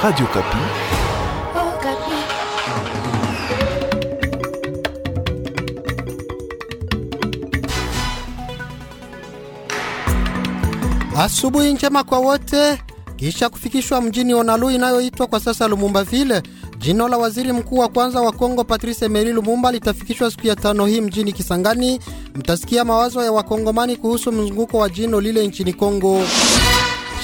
Radio Kapi. Oh, Kapi. Asubuhi njema kwa wote. Kisha kufikishwa mjini Onalu inayoitwa kwa sasa Lumumba vile, jino la waziri mkuu wa kwanza wa Kongo Patrice Emery Lumumba litafikishwa siku ya tano hii mjini Kisangani. Mtasikia mawazo ya wakongomani kuhusu mzunguko wa jino lile nchini Kongo.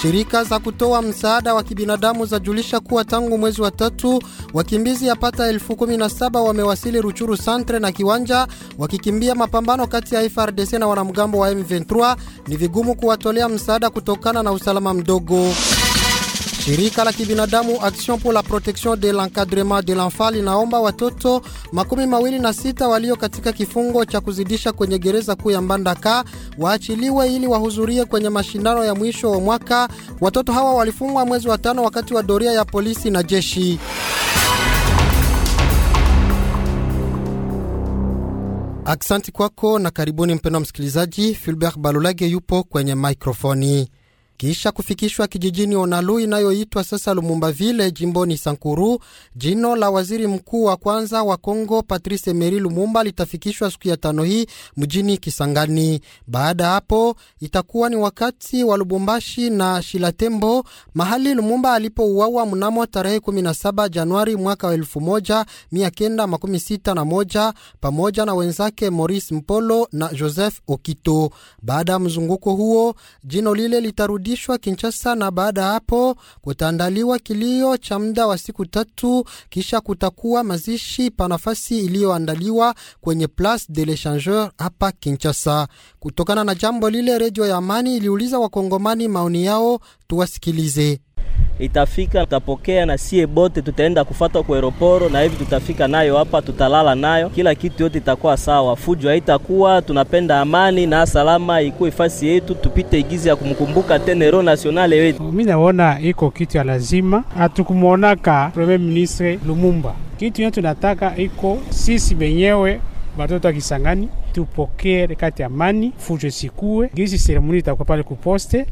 Shirika za kutoa msaada wa kibinadamu zajulisha kuwa tangu mwezi wa tatu wakimbizi yapata elfu 17 wamewasili Ruchuru Santre na Kiwanja wakikimbia mapambano kati ya FRDC na wanamgambo wa M23. Ni vigumu kuwatolea msaada kutokana na usalama mdogo. Shirika la kibinadamu Action pour la Protection de l'Encadrement de l'Enfant linaomba watoto makumi mawili na sita walio katika kifungo cha kuzidisha kwenye gereza kuu ya Mbandaka waachiliwe ili wahudhurie kwenye mashindano ya mwisho wa mwaka. Watoto hawa walifungwa mwezi wa tano wakati wa doria ya polisi na jeshi. Aksanti kwako na karibuni mpendwa msikilizaji. filbert Balolage yupo kwenye mikrofoni kisha kufikishwa kijijini Onalu inayoitwa sasa Lumumba vile jimboni Sankuru. Jino la waziri mkuu wa kwanza wa Kongo Patrice Emery Lumumba litafikishwa siku ya tano hii mjini Kisangani. Baada hapo itakuwa ni wakati wa Lubumbashi na Shilatembo, mahali Lumumba alipouawa mnamo tarehe 17 Januari mwaka wa 1961 pamoja na wenzake Maurice Mpolo na Joseph Okito. Baada ya mzunguko huo jino lile litarudi kurudishwa Kinshasa na baada ya hapo kutaandaliwa kilio cha muda wa siku tatu, kisha kutakuwa mazishi pa nafasi iliyoandaliwa kwenye Place de l'Echangeur hapa Kinshasa. Kutokana na jambo lile, redio ya Amani iliuliza wakongomani maoni yao, tuwasikilize itafika tutapokea, na sie bote tutaenda kufatwa kwa aeroporo, na hivi tutafika nayo hapa, tutalala nayo, kila kitu yote itakuwa sawa, fujo haitakuwa. Tunapenda amani na salama ikuwe fasi yetu, tupite igizi ya kumkumbuka tena ero nationale wetu. Mimi naona iko kitu ya lazima, hatukumonaka premier ministre Lumumba. Kitu yetu tunataka iko sisi benyewe batoto Kisangani tupokee kati amani, fujo sikue gisi seremoni itakuwa pale kuposte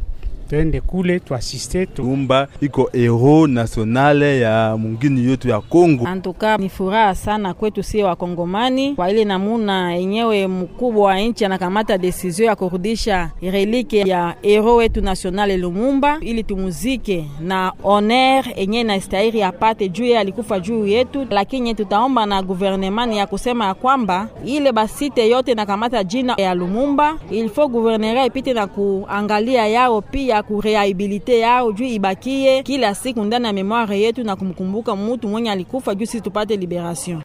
tuende kule tuasiste tu. Umba iko hero nationale ya mungini yetu ya Kongo. Antuka ni furaha sana kwetu sie Wakongomani kwa ile namuna enyewe mkubwa wa nchi anakamata desizio ya kurudisha relike ya hero wetu nationale Lumumba ili tumuzike na honor enye na istahiri apate juu ye alikufa juu yetu, lakini tutaomba na guvernemani ya kusema ya kwamba ile basite yote nakamata jina ya Lumumba faut guvernera ipite na kuangalia yao pia ya kurehabilite yao juu ibakie kila siku ndani ya memoire yetu na kumkumbuka mutu mwenye alikufa juu sisi tupate liberation.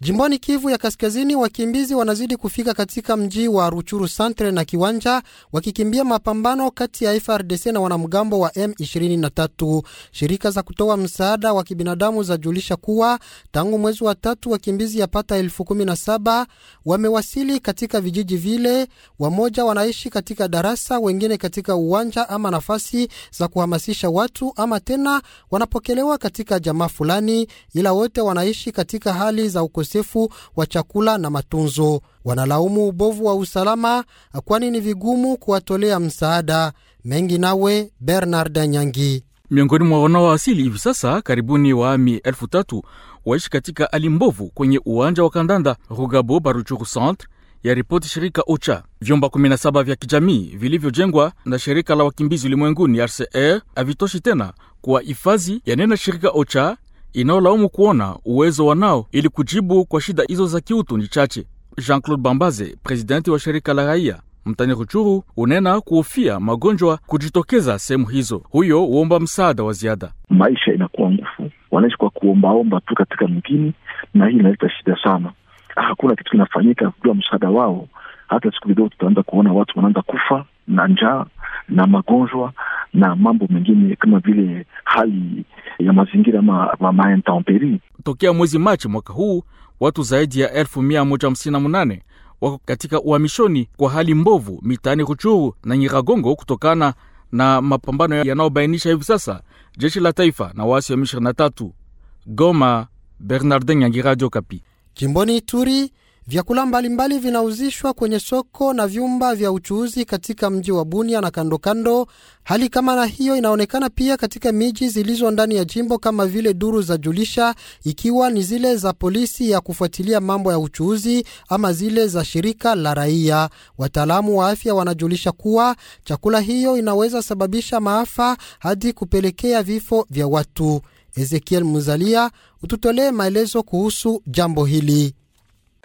Jimboni Kivu ya Kaskazini, wakimbizi wanazidi kufika katika mji wa Ruchuru Santre na Kiwanja wakikimbia mapambano kati ya FRDC na wanamgambo wa M23. Shirika za kutoa msaada wa kibinadamu zajulisha kuwa tangu mwezi wa tatu wakimbizi yapata elfu kumi na saba wamewasili katika vijiji vile. Wamoja wanaishi katika darasa, wengine katika uwanja ama nafasi za kuhamasisha watu, ama tena wanapokelewa katika jamaa fulani, ila wote wanaishi katika hali za ukosefu wa chakula na matunzo. Wanalaumu ubovu wa usalama, kwani ni vigumu kuwatolea msaada mengi. Nawe Bernard Nyangi miongoni mwa wanaoasili hivi sasa karibuni waami elfu tatu waishi katika hali mbovu kwenye uwanja wa kandanda Rugabo Baruchuru Centre, ya ripoti shirika OCHA. Vyumba 17 vya kijamii vilivyojengwa na shirika la wakimbizi ulimwenguni RCR havitoshi tena kuwa hifadhi, yanena shirika OCHA inayolaumu kuona uwezo wanao ili kujibu kwa shida hizo za kiutu ni chache. Jean-Claude Bambaze, presidenti wa shirika la raia mtani Ruchuru, unena kuhofia magonjwa kujitokeza sehemu hizo. Huyo huomba msaada wa ziada. Maisha inakuwa ngufu, wanaishi kwa kuombaomba tu katika mgini, na hii inaleta shida sana. Hakuna kitu kinafanyika kujua msaada wao. Hata siku kidogo tutaanza kuona watu wanaanza kufa na njaa na magonjwa na mambo mengine kama vile hali ya mazingira ma maintemperi. Tokea mwezi Machi mwaka huu watu zaidi ya elfu mia moja hamsini na munane wako katika uhamishoni kwa hali mbovu mitaani Ruchuru na Nyiragongo kutokana na mapambano yanayobainisha hivi sasa jeshi la taifa na waasi wa M23. Goma, Bernardin nyangi Radio Okapi. Jimboni Ituri, Vyakula mbalimbali vinauzishwa kwenye soko na vyumba vya uchuuzi katika mji wa Bunia na kando kando. Hali kama na hiyo inaonekana pia katika miji zilizo ndani ya jimbo, kama vile duru za julisha, ikiwa ni zile za polisi ya kufuatilia mambo ya uchuuzi ama zile za shirika la raia. Wataalamu wa afya wanajulisha kuwa chakula hiyo inaweza sababisha maafa hadi kupelekea vifo vya watu. Ezekiel Muzalia ututolee maelezo kuhusu jambo hili.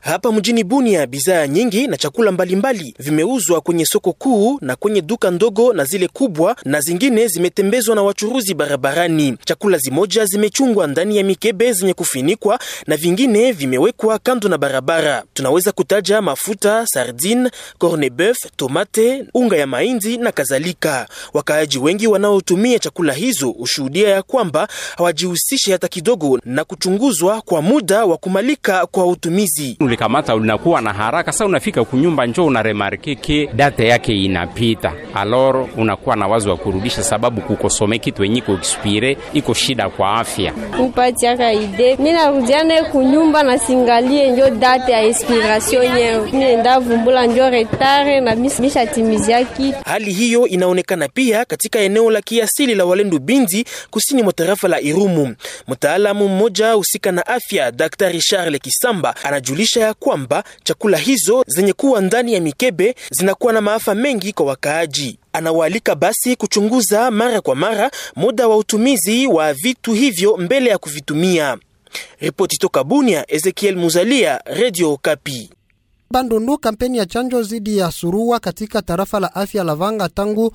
Hapa mjini Bunia, bidhaa nyingi na chakula mbalimbali vimeuzwa kwenye soko kuu na kwenye duka ndogo na zile kubwa, na zingine zimetembezwa na wachuruzi barabarani. Chakula zimoja zimechungwa ndani ya mikebe zenye kufinikwa na vingine vimewekwa kando na barabara. Tunaweza kutaja mafuta, sardine, corne beef, tomate, unga ya mahindi na kadhalika. Wakaaji wengi wanaotumia chakula hizo ushuhudia ya kwamba hawajihusishi hata kidogo na kuchunguzwa kwa muda wa kumalika kwa utumizi ulikamata unakuwa na haraka sasa, unafika kunyumba njo unaremarkike data yake inapita, aloro unakuwa na wazo wa kurudisha, sababu kukosome kitu yenye kuexpire iko shida kwa afya. upatiaka ide mi narudia naye na singalie njo date ya expiration yeo mienda vumbula njo retare na mishatimizia kitu. Hali hiyo inaonekana pia katika eneo la kiasili la Walendu binzi kusini mwa tarafa la Irumu. Mtaalamu mmoja husika na afya Daktari Charles Kisamba anajulisha kuelezea ya kwamba chakula hizo zenye kuwa ndani ya mikebe zinakuwa na maafa mengi kwa wakaaji. Anawaalika basi kuchunguza mara kwa mara muda wa utumizi wa vitu hivyo mbele ya kuvitumia. Ripoti toka Bunia, Ezekiel Muzalia, Radio Kapi. Bandundu, kampeni ya chanjo dhidi ya surua katika tarafa la afya la Vanga tangu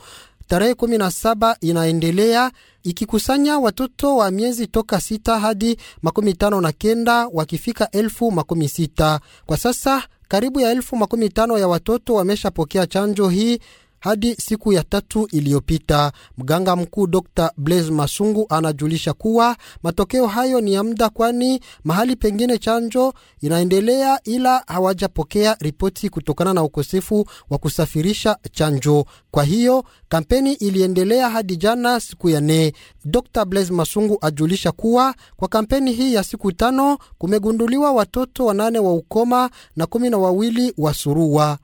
tarehe 17 inaendelea ikikusanya watoto wa miezi toka sita hadi makumi tano na kenda wakifika elfu makumi sita. Kwa sasa karibu ya elfu makumi tano ya watoto wameshapokea chanjo hii hadi siku ya tatu iliyopita, mganga mkuu Dr Blaise Masungu anajulisha kuwa matokeo hayo ni ya muda, kwani mahali pengine chanjo inaendelea, ila hawajapokea ripoti kutokana na ukosefu wa kusafirisha chanjo. Kwa hiyo kampeni iliendelea hadi jana siku ya nne. Dr Blaise Masungu ajulisha kuwa kwa kampeni hii ya siku tano kumegunduliwa watoto wanane wa ukoma na kumi na wawili wa surua.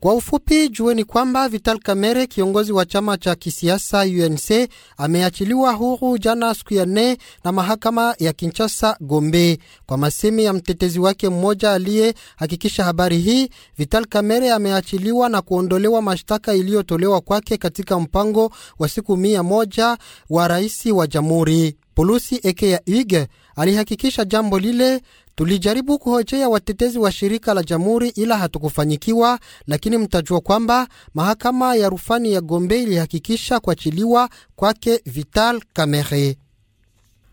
Kwa ufupi, jueni kwamba Vital Kamerhe, kiongozi wa chama cha kisiasa UNC, ameachiliwa huru jana siku ya nne na mahakama ya Kinshasa Gombe. Kwa masemi ya mtetezi wake mmoja aliyehakikisha habari hii, Vital Kamerhe ameachiliwa na kuondolewa mashtaka iliyotolewa kwake katika mpango wa siku mia moja wa rais wa jamhuri. Polusi Ekeya Ige alihakikisha jambo lile. Tulijaribu kuhojea watetezi wa shirika la jamhuri ila hatukufanyikiwa, lakini mtajua kwamba mahakama ya rufani ya Gombe ilihakikisha kuachiliwa kwake Vital Kamerhe.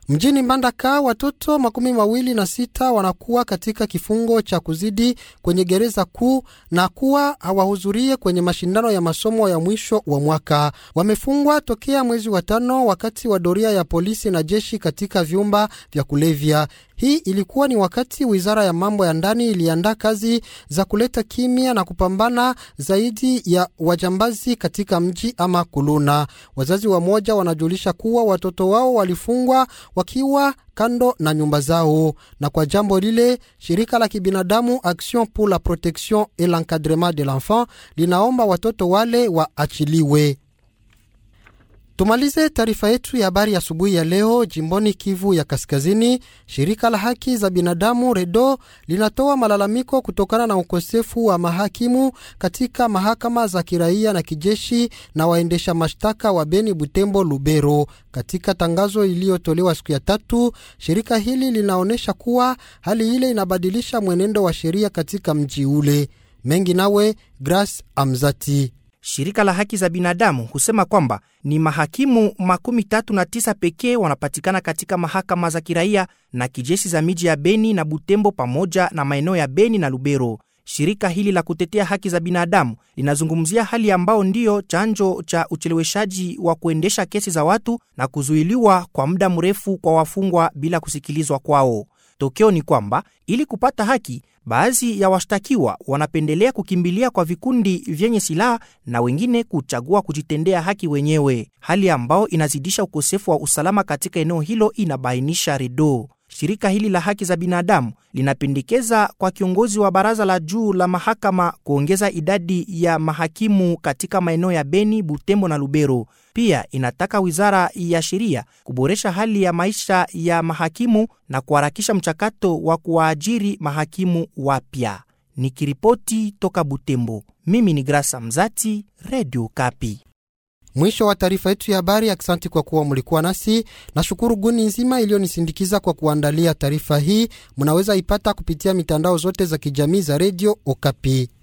Mjini Mbandaka watoto makumi mawili na sita wanakuwa katika kifungo cha kuzidi kwenye gereza kuu na kuwa hawahudhurie kwenye mashindano ya masomo ya mwisho wa mwaka. Wamefungwa tokea mwezi wa tano wakati wa doria ya polisi na jeshi katika vyumba vya kulevya. Hii ilikuwa ni wakati wizara ya mambo ya ndani iliandaa kazi za kuleta kimya na kupambana zaidi ya wajambazi katika mji ama kuluna. Wazazi wa moja wanajulisha kuwa watoto wao walifungwa wakiwa kando na nyumba zao. Na kwa jambo lile, shirika la kibinadamu Action pour la protection et l'encadrement de l'enfant linaomba watoto wale waachiliwe. Tumalize taarifa yetu ya habari asubuhi ya, ya leo jimboni Kivu ya Kaskazini. Shirika la haki za binadamu REDO linatoa malalamiko kutokana na ukosefu wa mahakimu katika mahakama za kiraia na kijeshi na waendesha mashtaka wa Beni, Butembo, Lubero. Katika tangazo iliyotolewa siku ya tatu, shirika hili linaonyesha kuwa hali ile inabadilisha mwenendo wa sheria katika mji ule. Mengi nawe Grace Amzati. Shirika la haki za binadamu husema kwamba ni mahakimu makumi tatu na tisa pekee wanapatikana katika mahakama za kiraia na kijeshi za miji ya Beni na Butembo pamoja na maeneo ya Beni na Lubero. Shirika hili la kutetea haki za binadamu linazungumzia hali ambao ndiyo chanjo cha ucheleweshaji wa kuendesha kesi za watu na kuzuiliwa kwa muda mrefu kwa wafungwa bila kusikilizwa kwao. Tokeo ni kwamba ili kupata haki, baadhi ya washtakiwa wanapendelea kukimbilia kwa vikundi vyenye silaha na wengine kuchagua kujitendea haki wenyewe, hali ambayo inazidisha ukosefu wa usalama katika eneo hilo, inabainisha Redo. Shirika hili la haki za binadamu linapendekeza kwa kiongozi wa baraza la juu la mahakama kuongeza idadi ya mahakimu katika maeneo ya Beni, Butembo na Lubero. Pia inataka wizara ya sheria kuboresha hali ya maisha ya mahakimu na kuharakisha mchakato wa kuwaajiri mahakimu wapya. Nikiripoti toka Butembo, mimi ni Grasa Mzati, Redio Kapi. Mwisho wa taarifa yetu ya habari. Aksanti kwa kuwa mlikuwa nasi. Nashukuru guni nzima iliyonisindikiza kwa kuandalia taarifa hii. Mnaweza ipata kupitia mitandao zote za kijamii za redio Okapi.